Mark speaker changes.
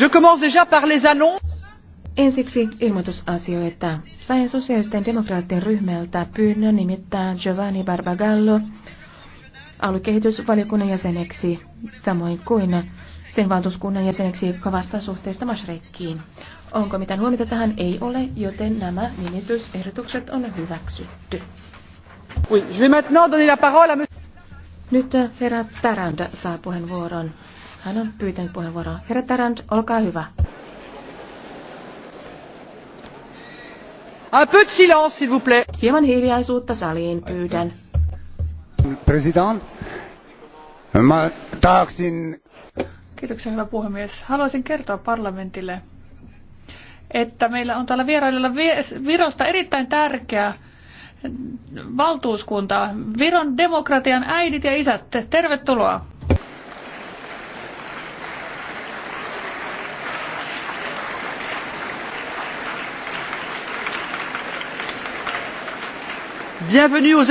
Speaker 1: Je commence déjà
Speaker 2: Ensiksi ilmoitusasioita. Sain sosiaalisten demokraattien ryhmältä pyynnön nimittää Giovanni Barbagallo aluekehitysvaliokunnan jäseneksi, samoin kuin sen valtuuskunnan jäseneksi, joka vastaa suhteesta Masrekkiin. Onko mitään huomiota tähän? Ei ole, joten nämä nimitysehdotukset on hyväksytty.
Speaker 1: Oui, je vais maintenant donner la parole à
Speaker 2: nyt äh, herra Tarant saa puheenvuoron. Hän on pyytänyt puheenvuoroa. Herra Tarant, olkaa hyvä.
Speaker 1: Un peu de silence, s'il vous plaît. Hieman hiljaisuutta saliin pyydän.
Speaker 3: President, mä tahaksin...
Speaker 4: Kiitoksia, hyvä puhemies. Haluaisin kertoa parlamentille, että meillä on täällä vierailulla Virosta erittäin tärkeä valtuuskuntaa. Viron demokratian äidit ja isät, tervetuloa! Bienvenue aux